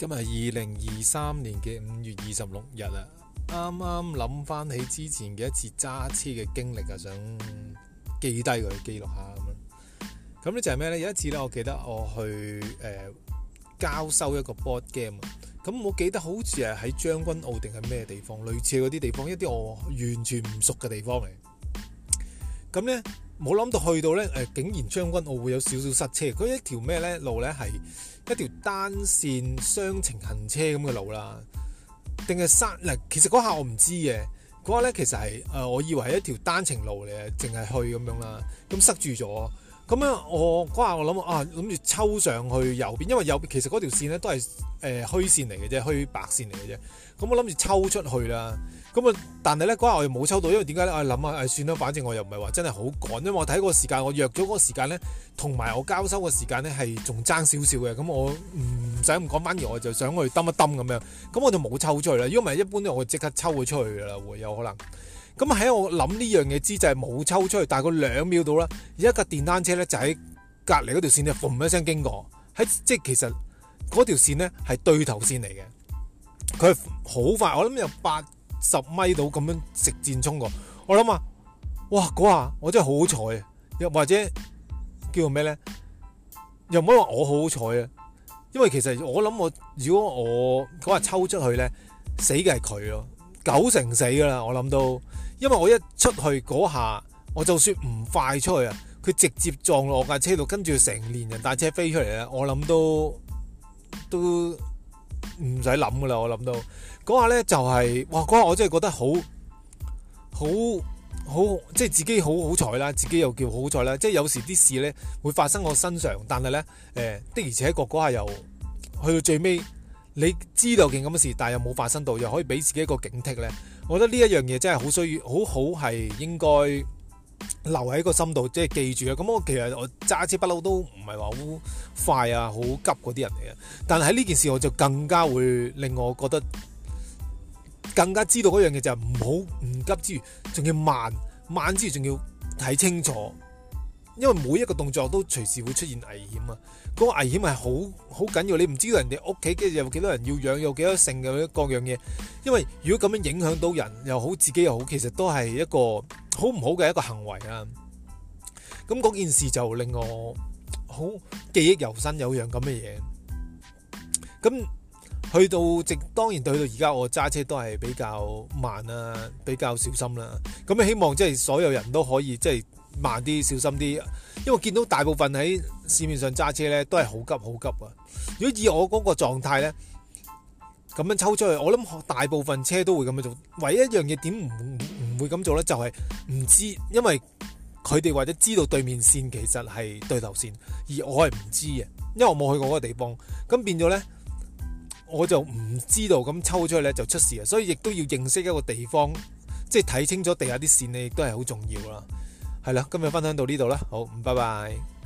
今日二零二三年嘅五月二十六日啦，啱啱諗翻起之前嘅一次揸車嘅經歷啊，想記低佢記錄下咁咯。咁咧就係咩呢？有一次呢，我記得我去誒、呃、交收一個 board game，咁我記得好似係喺將軍澳定係咩地方，類似嗰啲地方，一啲我完全唔熟嘅地方嚟。咁呢。冇諗到去到呢，誒、呃，竟然將軍澳會有少少塞車。佢一條咩呢路呢？係一條單線雙程行車咁嘅路啦，定係塞嗱？其實嗰下我唔知嘅，嗰下呢，其實係誒、呃，我以為係一條單程路嚟嘅，淨係去咁樣啦，咁塞住咗。咁啊，我嗰下我諗啊，諗住抽上去右邊，因為右邊其實嗰條線咧都係誒虛線嚟嘅啫，虛白線嚟嘅啫。咁、嗯、我諗住抽出去啦。咁、嗯、啊，但係咧嗰下我又冇抽到，因為點解咧？我諗下，誒、啊、算啦，反正我又唔係話真係好趕，因為我睇嗰個時間，我約咗嗰個時間咧，同埋我交收嘅時間咧係仲爭少少嘅。咁、嗯、我唔使唔趕，反而我就想去抌一抌咁樣。咁、嗯、我就冇抽出去啦。如果唔係，一般我即刻抽佢出去啦，會有可能。咁喺我諗呢樣嘢之際，冇、就係、抽出去，大概個兩秒到啦，而一架電單車咧就喺隔籬嗰條線就嘣一聲經過，喺即係其實嗰條線咧係對頭線嚟嘅，佢好快，我諗有八十米到咁樣直箭衝過。我諗啊，哇，嗰下我真係好好彩啊，又或者叫做咩咧？又唔可以話我好好彩啊，因為其實我諗，我如果我嗰下抽出去咧，死嘅係佢咯。九成死噶啦，我諗到，因為我一出去嗰下，我就算唔快出去啊，佢直接撞落我架車度，跟住成連人帶車飛出嚟啦，我諗都都唔使諗噶啦，我諗到嗰下咧就係、是、哇，嗰下我真係覺得好好好，即係、就是、自己好好彩啦，自己又叫好彩啦，即、就、係、是、有時啲事咧會發生我身上，但係咧誒的而且確嗰下又去到最尾。你知道件咁嘅事，但係又冇發生到，又可以俾自己一個警惕？咧。我覺得呢一樣嘢真係好需要，好好係應該留喺個心度，即係記住啊。咁、嗯、我其實我揸車不嬲，都唔係話好快啊，好急嗰啲人嚟嘅。但係喺呢件事，我就更加會令我覺得更加知道嗰樣嘢就係唔好唔急之餘，仲要慢慢之餘，仲要睇清楚。因為每一個動作都隨時會出現危險啊！嗰、嗰個危險係好好緊要，你唔知道人哋屋企嘅有幾多人要養，有幾多性嘅各樣嘢。因為如果咁樣影響到人又好，自己又好，其實都係一個好唔好嘅一個行為啊！咁、嗯、嗰件事就令我好記憶猶新，有樣咁嘅嘢。咁去到直當然對到去到而家，我揸車都係比較慢啊，比較小心啦、啊。咁、嗯、希望即係所有人都可以即係。就是慢啲，小心啲，因為見到大部分喺市面上揸車咧都係好急，好急啊！如果以我嗰個狀態咧，咁樣抽出嚟，我諗大部分車都會咁樣做。唯一一樣嘢點唔唔會咁做咧，就係唔知，因為佢哋或者知道對面線其實係對頭線，而我係唔知嘅，因為我冇去過嗰個地方，咁變咗咧我就唔知道咁抽出嚟，就出事啊！所以亦都要認識一個地方，即係睇清楚地下啲線咧，亦都係好重要啦。係啦，今日分享到呢度啦，好，拜拜。